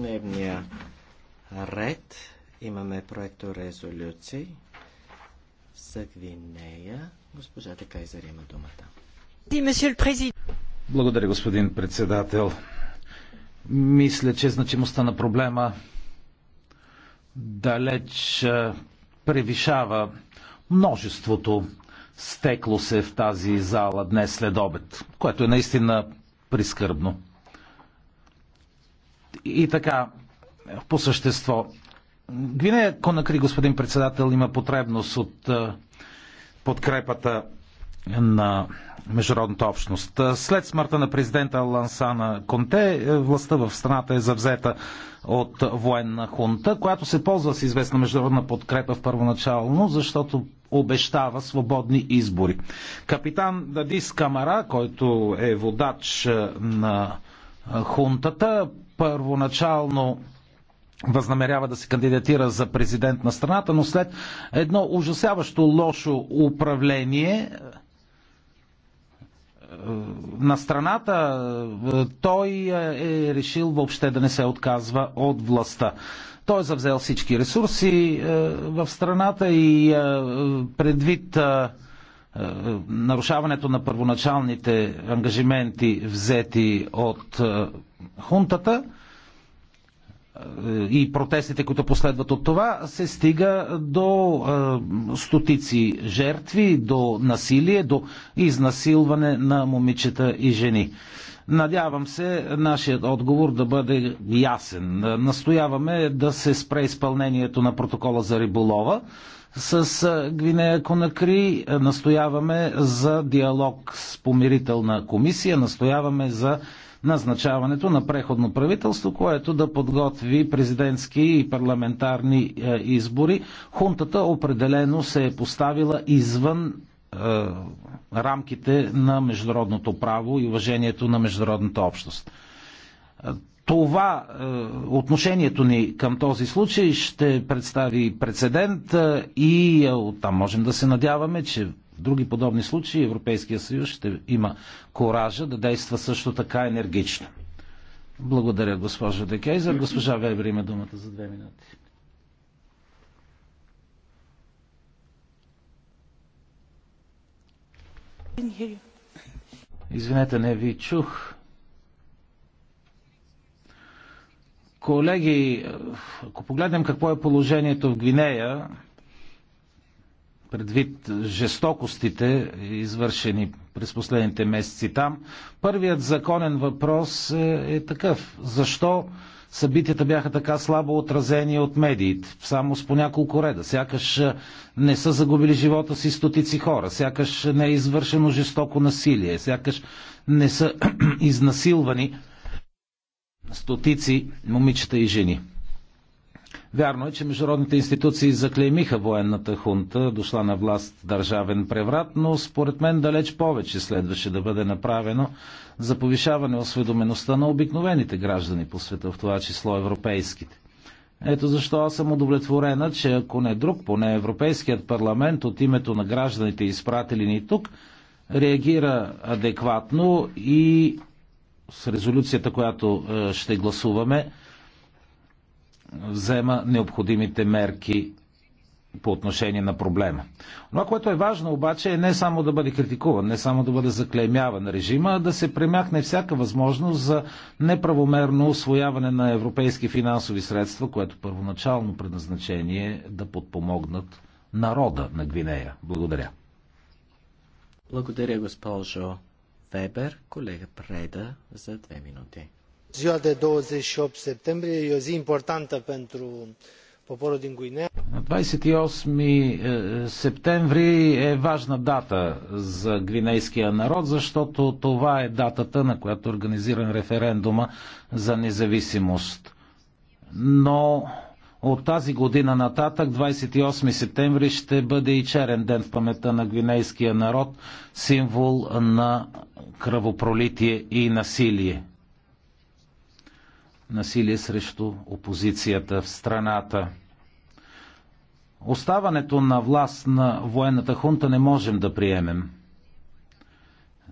дневния ред имаме проекто резолюции за Гвинея. Госпожа Декайзер има думата. Благодаря, господин председател. Мисля, че значимостта на проблема далеч превишава множеството стекло се в тази зала днес след обед, което е наистина прискърбно. И така, по същество. Гвинея Конакри, господин председател, има потребност от е, подкрепата на международната общност. След смъртта на президента Лансана Конте, е, властта в страната е завзета от военна хунта, която се ползва с известна международна подкрепа в първоначално, защото обещава свободни избори. Капитан Дадис Камара, който е водач е, на хунтата. Първоначално възнамерява да се кандидатира за президент на страната, но след едно ужасяващо лошо управление на страната, той е решил въобще да не се отказва от властта. Той е завзел всички ресурси в страната и предвид е, нарушаването на първоначалните ангажименти взети от е, хунтата е, и протестите, които последват от това, се стига до стотици жертви, до насилие, до изнасилване на момичета и жени. Надявам се нашият отговор да бъде ясен. Настояваме да се спре изпълнението на протокола за риболова. С Гвинея Конакри настояваме за диалог с помирителна комисия, настояваме за назначаването на преходно правителство, което да подготви президентски и парламентарни избори. Хунтата определено се е поставила извън е, рамките на международното право и уважението на международната общност това е, отношението ни към този случай ще представи прецедент е, и е, оттам можем да се надяваме, че в други подобни случаи Европейския съюз ще има коража да действа също така енергично. Благодаря, госпожо Декейзер. Госпожа Вебер има думата за две минути. Извинете, не ви чух. Колеги, ако погледнем какво е положението в Гвинея, предвид жестокостите, извършени през последните месеци там, първият законен въпрос е, е такъв. Защо събитията бяха така слабо отразени от медиите, само с по няколко реда. Сякаш е, не са загубили живота си стотици хора, сякаш е, не е извършено жестоко насилие, сякаш не са изнасилвани стотици момичета и жени. Вярно е, че международните институции заклеймиха военната хунта, дошла на власт държавен преврат, но според мен далеч повече следваше да бъде направено за повишаване осведомеността на обикновените граждани по света, в това число европейските. Ето защо аз съм удовлетворена, че ако не друг, поне Европейският парламент от името на гражданите, изпратили ни тук, реагира адекватно и с резолюцията, която е, ще гласуваме, взема необходимите мерки по отношение на проблема. Това, което е важно обаче е не само да бъде критикуван, не само да бъде заклеймяван режима, а да се премяхне всяка възможност за неправомерно освояване на европейски финансови средства, което първоначално предназначение е да подпомогнат народа на Гвинея. Благодаря. Благодаря, госпожо Вебер, колега Преда за две минути. Ziua de 28 septembrie e o zi importantă pentru poporul din Guinea. 28 е, септември е важна дата за гвинейския народ, защото това е датата, на която е организиран референдума за независимост. Но от тази година нататък, 28 септември, ще бъде и черен ден в памета на гвинейския народ, символ на кръвопролитие и насилие. Насилие срещу опозицията в страната. Оставането на власт на военната хунта не можем да приемем.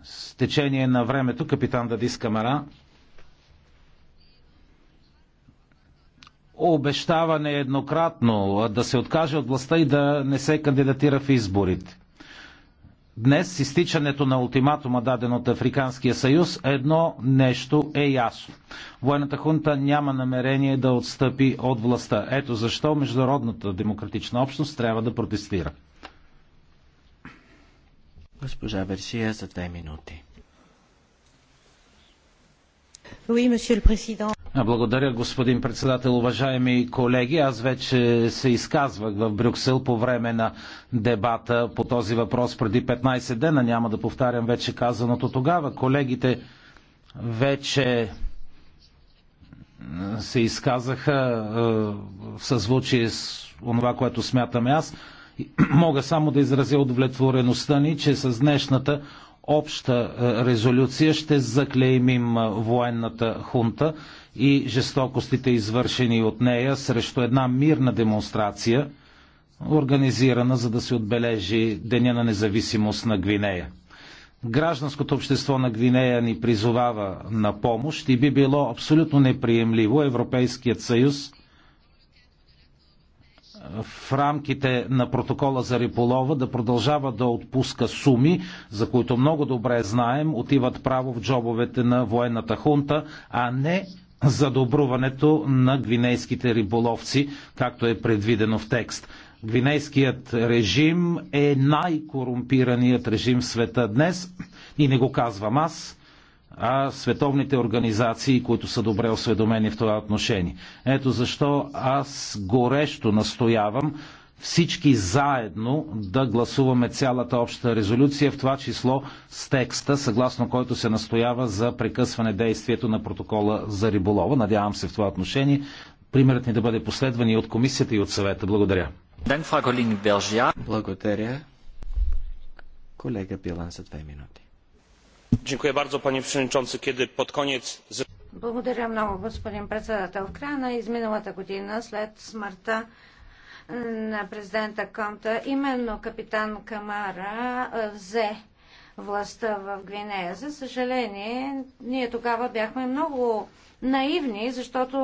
С течение на времето капитан Дадис Камара обещаване еднократно да се откаже от властта и да не се кандидатира в изборите. Днес с изтичането на ултиматума, даден от Африканския съюз, едно нещо е ясно. Военната хунта няма намерение да отстъпи от властта. Ето защо международната демократична общност трябва да протестира. Госпожа Версия за две минути. Oui, благодаря, господин председател. Уважаеми колеги, аз вече се изказвах в Брюксел по време на дебата по този въпрос преди 15 дена. Няма да повтарям вече казаното тогава. Колегите вече се изказаха е, в съзвучие с това, което смятам аз. Мога само да изразя удовлетвореността ни, че с днешната обща е, резолюция ще заклеймим е, военната хунта и жестокостите, извършени от нея срещу една мирна демонстрация, организирана за да се отбележи Деня на независимост на Гвинея. Гражданското общество на Гвинея ни призовава на помощ и би било абсолютно неприемливо Европейският съюз в рамките на протокола за Риполова да продължава да отпуска суми, за които много добре знаем, отиват право в джобовете на военната хунта, а не за добруването на гвинейските риболовци, както е предвидено в текст. Гвинейският режим е най-корумпираният режим в света днес и не го казвам аз, а световните организации, които са добре осведомени в това отношение. Ето защо аз горещо настоявам всички заедно да гласуваме цялата обща резолюция, в това число с текста, съгласно който се настоява за прекъсване действието на протокола за риболова. Надявам се в това отношение примерът ни да бъде последван и от комисията и от съвета. Благодаря. Благодаря. Колега Билан за две минути. Благодаря много, господин председател. В края на изминалата година, след смъртта на президента Конта, именно капитан Камара взе властта в Гвинея. За съжаление, ние тогава бяхме много наивни, защото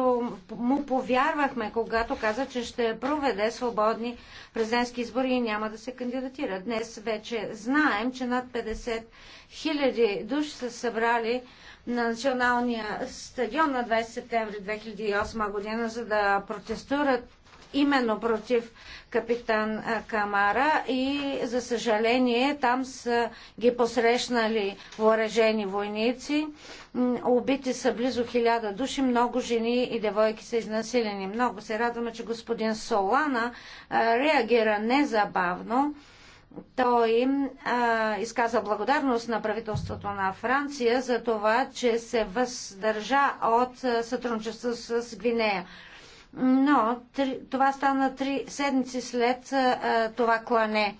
му повярвахме, когато каза, че ще проведе свободни президентски избори и няма да се кандидатира. Днес вече знаем, че над 50 хиляди души са събрали на националния стадион на 20 септември 2008 година, за да протестират именно против капитан Камара и за съжаление там са ги посрещнали въоръжени войници. Убити са близо хиляда души, много жени и девойки са изнасилени. Много се радваме, че господин Солана реагира незабавно. Той а, изказа благодарност на правителството на Франция за това, че се въздържа от сътрудничество с Гвинея. Но три, това стана три седмици след а, това клане.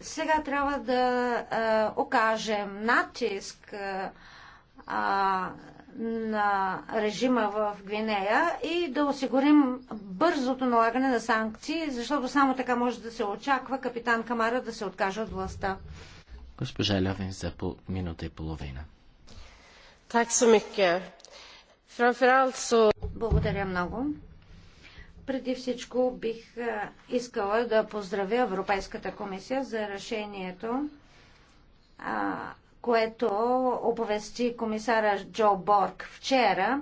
Сега трябва да а, окажем натиск а, на режима в Гвинея и да осигурим бързото налагане на санкции, защото само така може да се очаква капитан Камара да се откаже от властта. Госпожа Лявин за по минута и половина. Так Благодаря много. Преди всичко бих искала да поздравя Европейската комисия за решението, което оповести комисара Джо Борг вчера,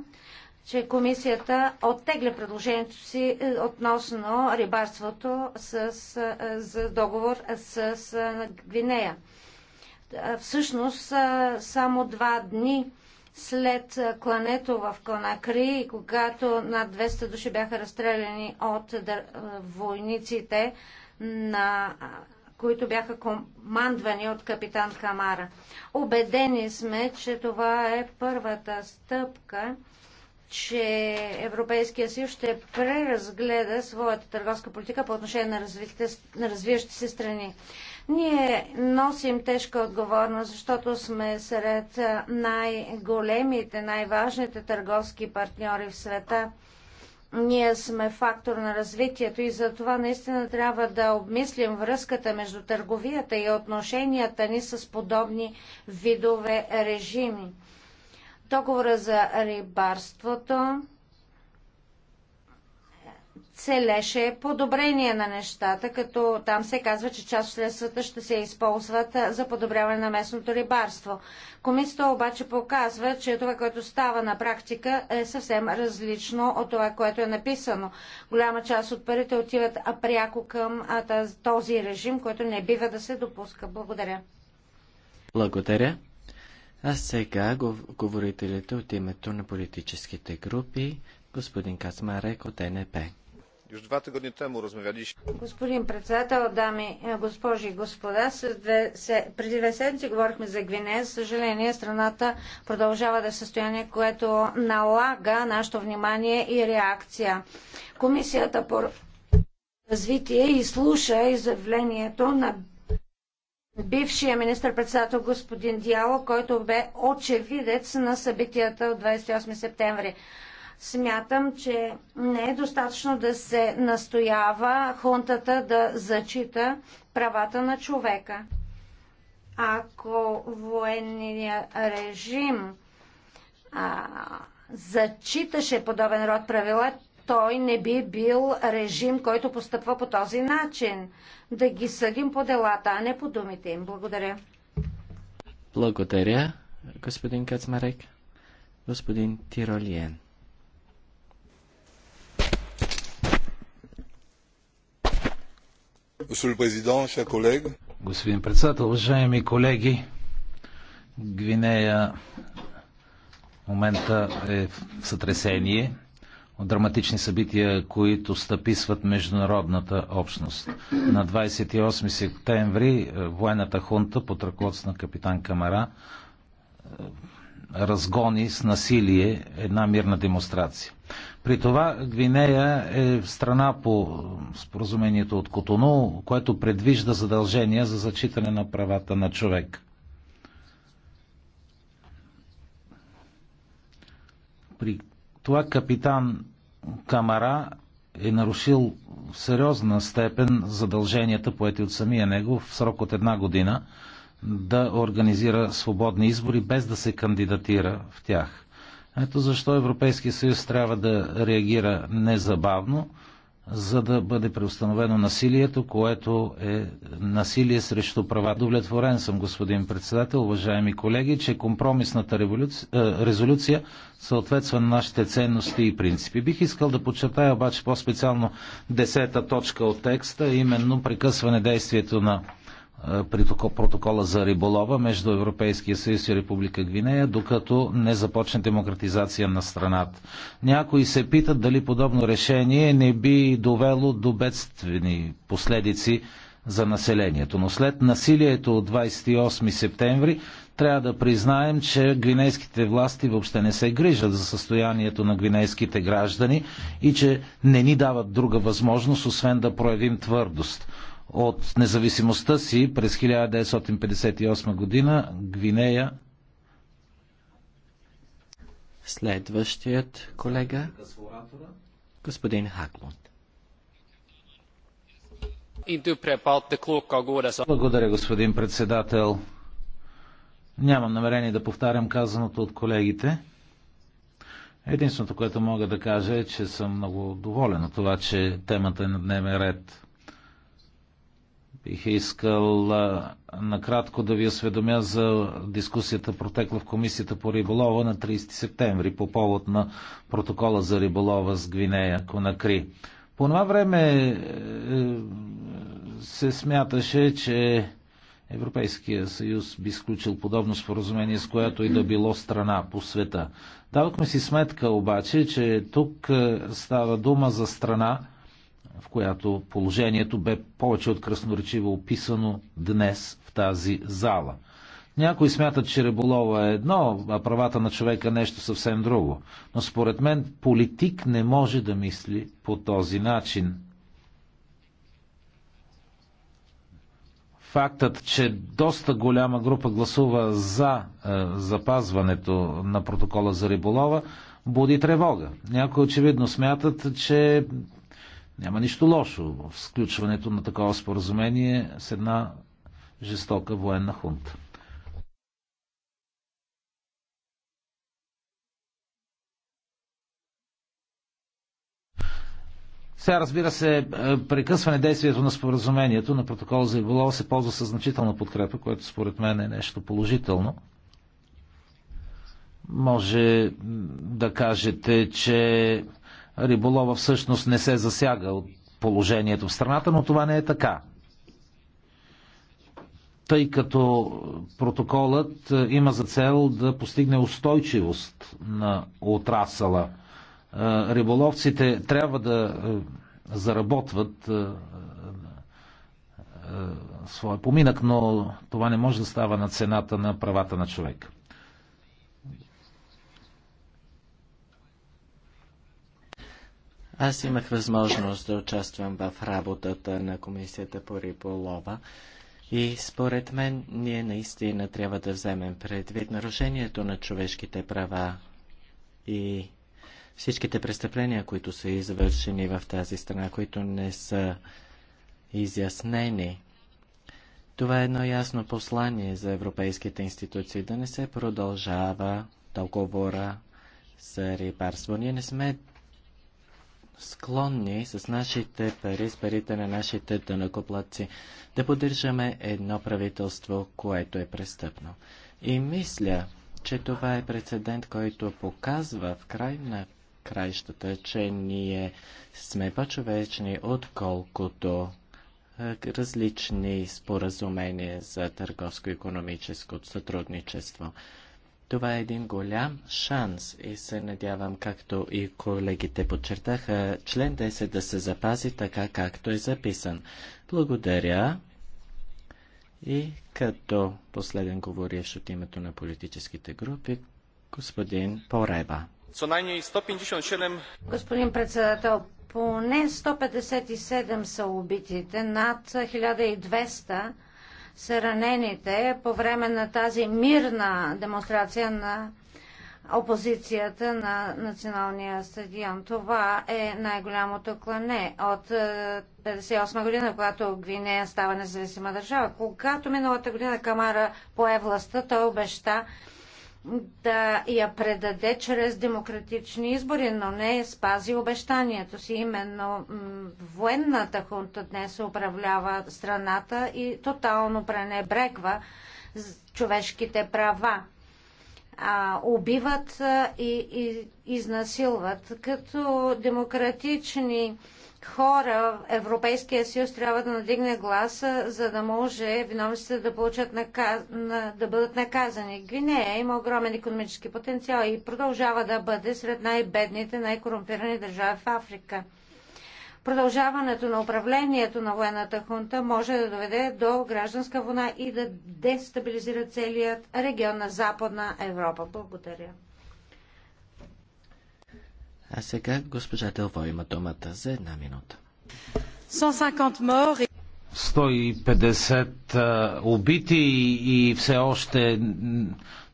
че комисията оттегля предложението си е, относно рибарството с, за договор с Гвинея. Всъщност, само два дни след клането в Конакри, когато над 200 души бяха разстреляни от войниците, на, които бяха командвани от капитан Камара. Обедени сме, че това е първата стъпка че Европейския съюз ще преразгледа своята търговска политика по отношение на, развиващите на развиващи се страни. Ние носим тежка отговорност, защото сме сред най-големите, най-важните търговски партньори в света. Ние сме фактор на развитието и за това наистина трябва да обмислим връзката между търговията и отношенията ни с подобни видове режими. Договора за рибарството целеше подобрение на нещата, като там се казва, че част от средствата ще се използват за подобряване на местното рибарство. Комисията обаче показва, че това, което става на практика е съвсем различно от това, което е написано. Голяма част от парите отиват пряко към този режим, който не бива да се допуска. Благодаря. Благодаря. А сега говорителите от името на политическите групи господин Кацмарек от НП. Już dwa tygodnie temu rozmawialiśmy. Господин председател, дами, е, госпожи и господа, преди две седмици говорихме за Гвинея. За съжаление, страната продължава да е състояние, което налага нашето внимание и реакция. Комисията по развитие изслуша изявлението на бившия министр-председател господин Дяло, който бе очевидец на събитията от 28 септември. Смятам, че не е достатъчно да се настоява хунтата да зачита правата на човека. Ако военният режим а, зачиташе подобен род правила, той не би бил режим, който постъпва по този начин. Да ги съдим по делата, а не по думите им. Благодаря. Благодаря, господин Кацмарек. Господин Тиролиен. Господин председател, уважаеми колеги, Гвинея в момента е в сътресение от драматични събития, които стъписват международната общност. На 28 септември е, военната хунта под ръководство на капитан Камара е, разгони с насилие една мирна демонстрация. При това Гвинея е страна по споразумението от Котону, което предвижда задължения за зачитане на правата на човек. При това капитан Камара е нарушил в сериозна степен задълженията, поети от самия него в срок от една година – да организира свободни избори без да се кандидатира в тях. Ето защо Европейския съюз трябва да реагира незабавно, за да бъде преустановено насилието, което е насилие срещу права. Довлетворен съм, господин председател, уважаеми колеги, че компромисната е, резолюция съответства на нашите ценности и принципи. Бих искал да подчертая обаче по-специално десета точка от текста, именно прекъсване действието на протокола за риболова между Европейския съюз и Република Гвинея, докато не започне демократизация на страната. Някои се питат дали подобно решение не би довело до бедствени последици за населението. Но след насилието от 28 септември трябва да признаем, че гвинейските власти въобще не се грижат за състоянието на гвинейските граждани и че не ни дават друга възможност, освен да проявим твърдост. От независимостта си през 1958 година Гвинея Следващият колега господин Хаклунд. Благодаря, господин председател. Нямам намерение да повтарям казаното от колегите. Единственото, което мога да кажа е, че съм много доволен от това, че темата е на дневен ред. Бих искал а, накратко да ви осведомя за дискусията протекла в Комисията по риболова на 30 септември по повод на протокола за риболова с Гвинея Конакри. По това време е, е, се смяташе, че Европейския съюз би сключил подобно споразумение, с която и да било страна по света. Давахме си сметка обаче, че тук е, става дума за страна, в която положението бе повече от красноречиво описано днес в тази зала. Някои смятат, че риболова е едно, а правата на човека е нещо съвсем друго. Но според мен политик не може да мисли по този начин. Фактът, че доста голяма група гласува за е, запазването на протокола за риболова, буди тревога. Някои очевидно смятат, че няма нищо лошо в сключването на такова споразумение с една жестока военна хунта. Сега, разбира се, е, прекъсване действието на споразумението на протокол за Иболова се ползва със значителна подкрепа, което според мен е нещо положително. Може да кажете, че риболова всъщност не се засяга от положението в страната, но това не е така. Тъй като протоколът е, има за цел да постигне устойчивост на отрасъла. Е, риболовците трябва да е, заработват своя поминък, но това не може да става на цената на правата на човека. Аз имах възможност да участвам в работата на Комисията по риболова и според мен ние наистина трябва да вземем предвид нарушението на човешките права и всичките престъпления, които са извършени в тази страна, които не са изяснени. Това е едно ясно послание за европейските институции да не се продължава договора за рибарство. Ние не сме склонни с нашите пари, с парите на нашите дънакоплатци, да поддържаме едно правителство, което е престъпно. И мисля, че това е прецедент, който показва в край на краищата, че ние сме по-човечни, отколкото е, различни споразумения за търговско-економическо сътрудничество. Това е един голям шанс и се надявам, както и колегите подчертаха, член 10 да се запази така, както е записан. Благодаря. И като последен говориш от името на политическите групи, господин Пореба. Господин председател, поне 157 са убитите, над 1200 са ранените по време на тази мирна демонстрация на опозицията на националния стадион. Това е най-голямото клане от 1958 е, година, когато Гвинея става независима държава. Когато миналата година Камара пое властта, той обеща да я предаде чрез демократични избори, но не е спази обещанието си. Именно военната хунта днес управлява страната и тотално пренебрегва човешките права а, убиват а, и, и изнасилват. Като демократични хора Европейския съюз трябва да надигне гласа, за да може виновниците да, получат наказ... на... да бъдат наказани. Гвинея има огромен економически потенциал и продължава да бъде сред най-бедните, най-корумпирани държави в Африка. Продължаването на управлението на военната хунта може да доведе до гражданска война и да дестабилизира целият регион на Западна Европа. Благодаря. А сега госпожа Делво има думата за една минута. 150 убити и все още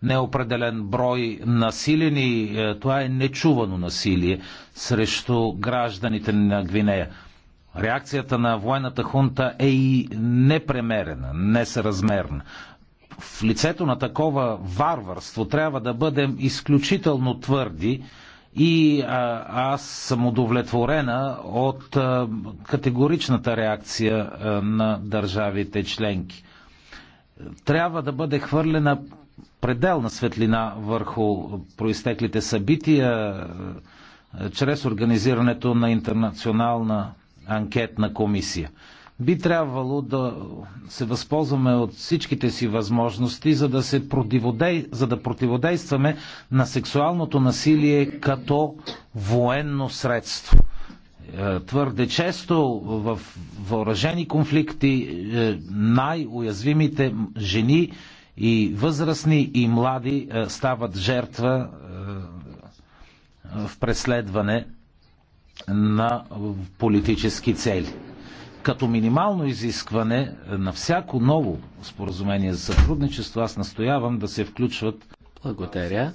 неопределен брой насилени. Е, това е нечувано насилие срещу гражданите на Гвинея. Реакцията на военната хунта е и непремерена, несъразмерна. В лицето на такова варварство трябва да бъдем изключително твърди и а, аз съм удовлетворена от а, категоричната реакция а, на държавите членки. Трябва да бъде хвърлена пределна светлина върху проистеклите събития е, чрез организирането на интернационална анкетна комисия. Би трябвало да се възползваме от всичките си възможности, за да, се противодей... за да противодействаме на сексуалното насилие като военно средство. Е, твърде често в въоръжени конфликти е, най-уязвимите жени и възрастни и млади е, стават жертва е, в преследване на политически цели. Като минимално изискване на всяко ново споразумение за сътрудничество, аз настоявам да се включват. Благодаря.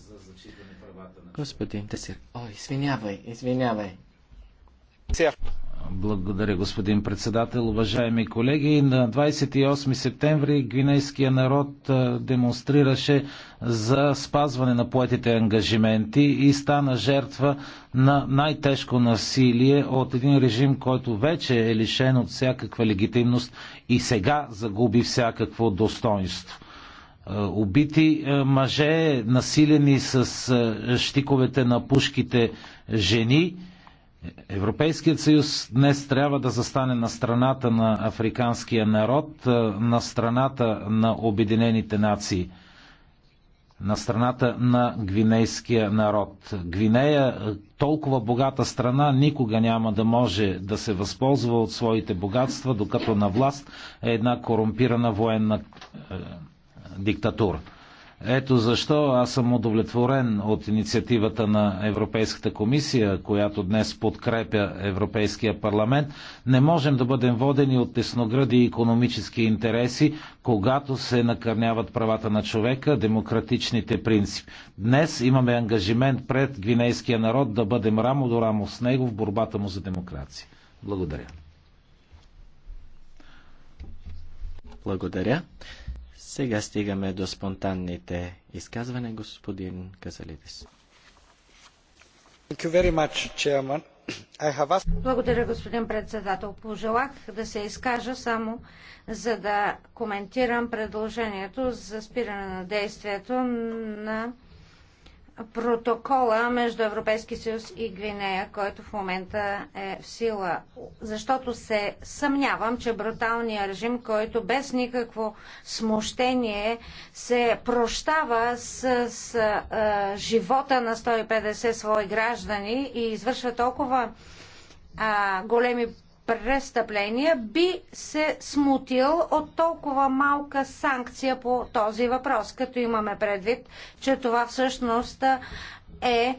Господин Тесир. Ой, извинявай, извинявай. Благодаря, господин председател. Уважаеми колеги, на 28 септември гвинейския народ демонстрираше за спазване на поетите ангажименти и стана жертва на най-тежко насилие от един режим, който вече е лишен от всякаква легитимност и сега загуби всякакво достоинство убити мъже, насилени с щиковете на пушките жени Европейският съюз днес трябва да застане на страната на африканския народ, на страната на Обединените нации, на страната на гвинейския народ. Гвинея, толкова богата страна, никога няма да може да се възползва от своите богатства, докато на власт е една корумпирана военна диктатура. Ето защо аз съм удовлетворен от инициативата на Европейската комисия, която днес подкрепя Европейския парламент. Не можем да бъдем водени от тесногради економически интереси, когато се накърняват правата на човека, демократичните принципи. Днес имаме ангажимент пред гвинейския народ да бъдем рамо до рамо с него в борбата му за демокрация. Благодаря. Благодаря. Сега стигаме до спонтанните изказване, господин Казалидис. Благодаря, господин председател. Пожелах да се изкажа само за да коментирам предложението за спиране на действието на протокола между Европейски съюз и Гвинея, който в момента е в сила. Защото се съмнявам, че бруталният режим, който без никакво смущение се прощава с, с а, живота на 150 свои граждани и извършва толкова а, големи престъпления, би се смутил от толкова малка санкция по този въпрос, като имаме предвид, че това всъщност е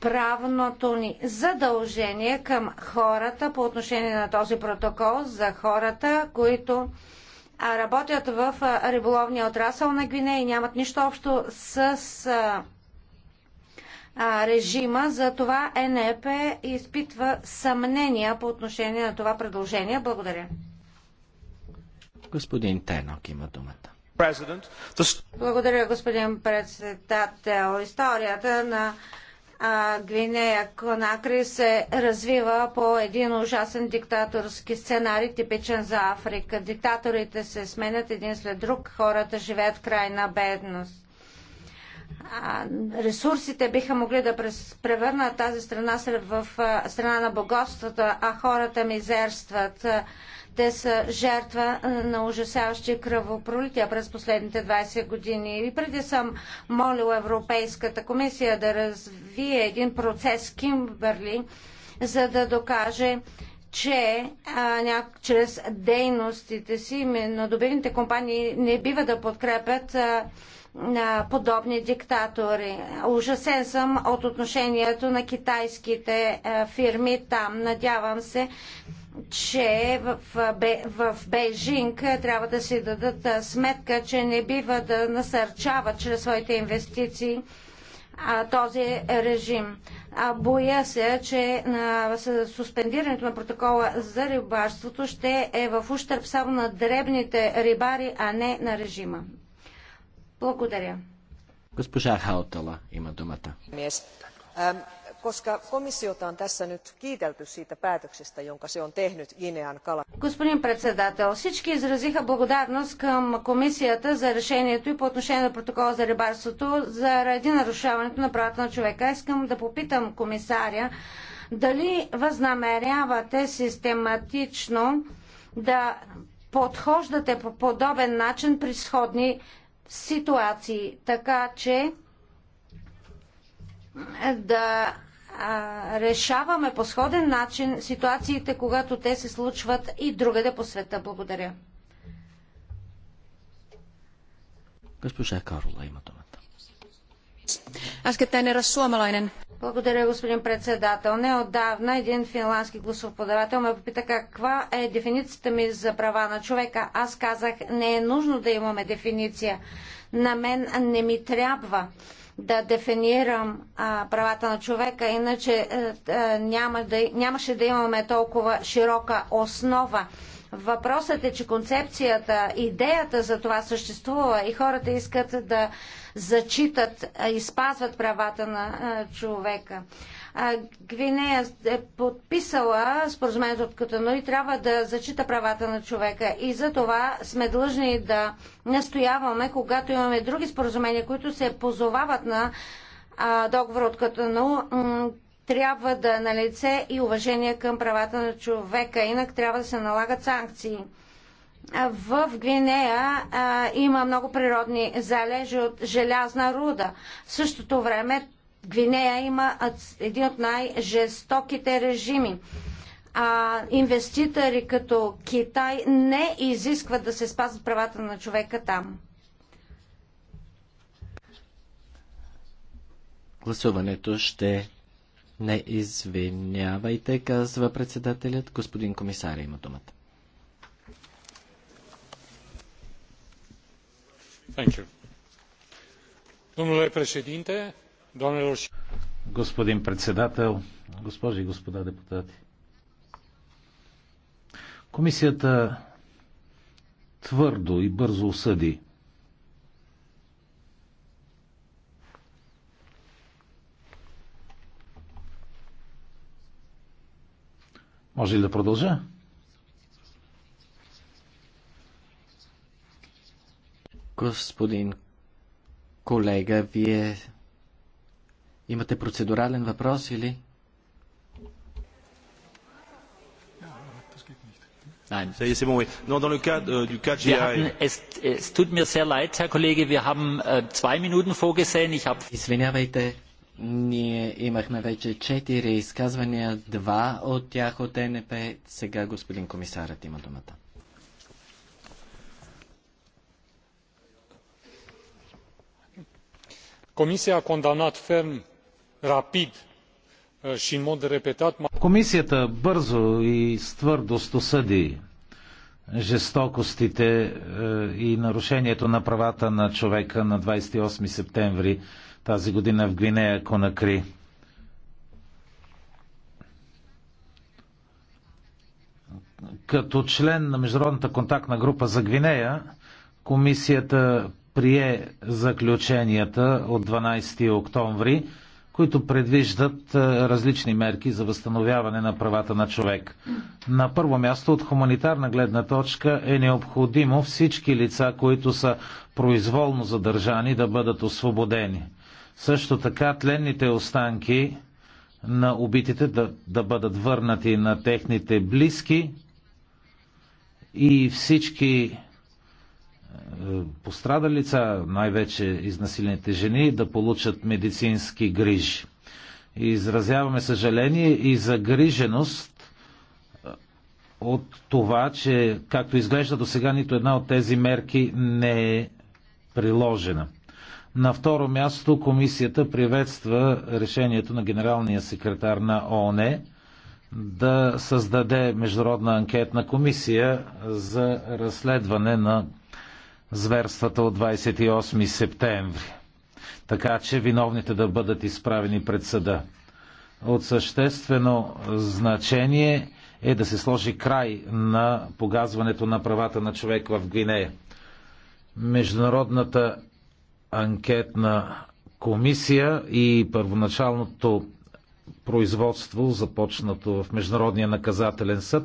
правното ни задължение към хората по отношение на този протокол за хората, които работят в риболовния отрасъл на Гвинея и нямат нищо общо с режима, за това НЕП изпитва съмнения по отношение на това предложение. Благодаря. Господин Тенок има думата. Благодаря, господин председател. Историята на а, Гвинея Конакри се развива по един ужасен диктаторски сценарий, типичен за Африка. Диктаторите се сменят един след друг, хората живеят крайна бедност ресурсите биха могли да превърнат тази страна в страна на богатството, а хората мизерстват. Те са жертва на ужасяващи кръвопролития през последните 20 години. И преди съм молила Европейската комисия да развие един процес Кимберли, за да докаже, че а, няк... чрез дейностите си именно добивните компании не бива да подкрепят а, на подобни диктатори. Ужасен съм от отношението на китайските е, фирми там. Надявам се, че в, в Бейжинг трябва да си дадат е, сметка, че не бива да насърчават чрез своите инвестиции този режим. боя се, че суспендирането на протокола за рибарството ще е в ущърп само на дребните рибари, а не на режима. Благодаря. Госпожа Хаутала има думата. Господин председател, всички изразиха благодарност към комисията за решението и по отношение на протокола за рибарството заради нарушаването на правата на човека. Искам да попитам комисаря дали възнамерявате систематично да подхождате по подобен начин при сходни ситуации, така че да решаваме по сходен начин ситуациите, когато те се случват и другаде по света. Благодаря. Госпожа Карла има думата. Äskettäin eräs suomalainen благодаря, господин председател. Не отдавна един финландски гласоподавател ме попита каква е дефиницията ми за права на човека. Аз казах, не е нужно да имаме дефиниция. На мен не ми трябва да дефинирам а, правата на човека, иначе а, е, е, няма да, нямаше да имаме толкова широка основа. Въпросът е, че концепцията, идеята за това съществува и хората искат да зачитат и спазват правата на човека. Гвинея е подписала споразумението от Катано и трябва да зачита правата на човека. И за това сме длъжни да настояваме, когато имаме други споразумения, които се позовават на договор от Катано, трябва да е налице и уважение към правата на човека, инак трябва да се налагат санкции в Гвинея а, има много природни залежи от желязна руда. В същото време Гвинея има един от най-жестоките режими. А, инвеститори като Китай не изискват да се спазват правата на човека там. Гласуването ще не извинявайте, казва председателят. Господин комисаря има думата. Господин председател, госпожи и господа депутати. Комисията твърдо и бързо осъди Може ли да продължа? Господин колега, вие имате процедурален въпрос или? Nein. Non, dans le cas du Es, es tut mir sehr leid, Herr Kollege, wir haben äh, zwei Minuten vorgesehen. Ich habe. Извинявайте, ние имахме вече четири изказвания, два от тях от НП. Сега господин комисарът има думата. comisia a condamnat ferm rapid uh, i în mod repetat Комисията бързо и с твърдост осъди жестокостите и нарушението на правата на човека на 28 септември тази година в Гвинея Конакри. Като член на Международната контактна група за Гвинея, комисията прие заключенията от 12 октомври, които предвиждат е, различни мерки за възстановяване на правата на човек. На първо място, от хуманитарна гледна точка е необходимо всички лица, които са произволно задържани, да бъдат освободени. Също така тленните останки на убитите да, да бъдат върнати на техните близки и всички Пострада лица, най-вече изнасилените жени, да получат медицински грижи. И изразяваме съжаление и загриженост от това, че както изглежда до сега, нито една от тези мерки не е приложена. На второ място комисията приветства решението на генералния секретар на ООН да създаде международна анкетна комисия за разследване на зверствата от 28 септември, така че виновните да бъдат изправени пред съда. От съществено значение е да се сложи край на погазването на правата на човек в Гвинея. Международната анкетна комисия и първоначалното производство, започнато в Международния наказателен съд,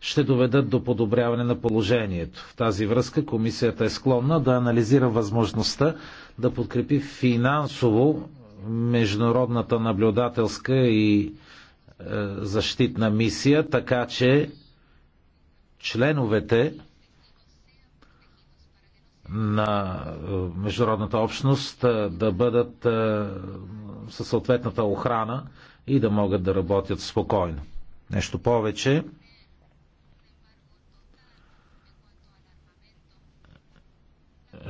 ще доведат до подобряване на положението. В тази връзка комисията е склонна да анализира възможността да подкрепи финансово международната наблюдателска и е, защитна мисия, така че членовете на е, международната общност е, да бъдат със съответната охрана и да могат да работят спокойно. Нещо повече,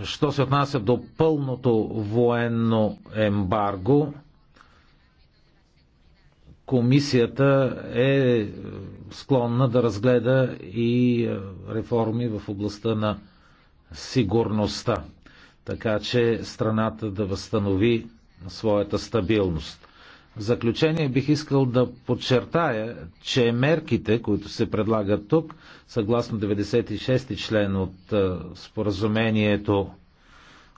Що се отнася до пълното военно ембарго, комисията е склонна да разгледа и реформи в областта на сигурността, така че страната да възстанови своята стабилност. В заключение бих искал да подчертая, че мерките, които се предлагат тук, съгласно 96 ти член от е, споразумението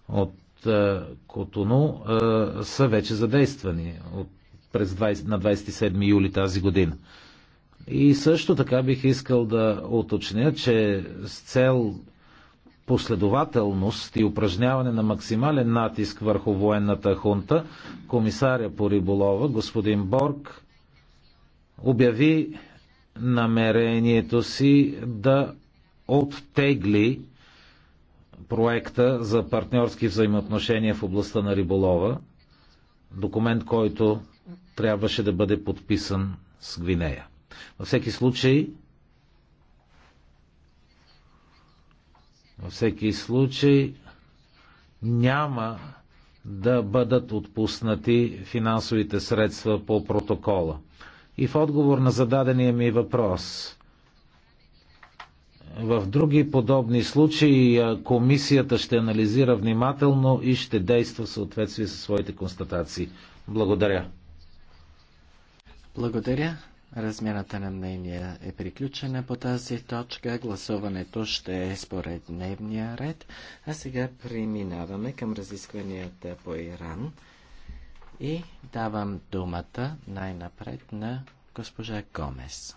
от е, Котону, е, са вече задействани от, през 20, на 27 юли тази година. И също така бих искал да уточня, че с цел последователност и упражняване на максимален натиск върху военната хунта, комисаря по риболова господин Борг обяви намерението си да оттегли проекта за партньорски взаимоотношения в областта на риболова, документ, който трябваше да бъде подписан с Гвинея. Във всеки случай, Във всеки случай няма да бъдат отпуснати финансовите средства по протокола. И в отговор на зададения ми въпрос, в други подобни случаи комисията ще анализира внимателно и ще действа в съответствие със своите констатации. Благодаря. Благодаря. Размяната на мнения е приключена по тази точка. Гласуването ще е според дневния ред. А сега преминаваме към разискванията по Иран и давам думата най-напред на госпожа Гомес.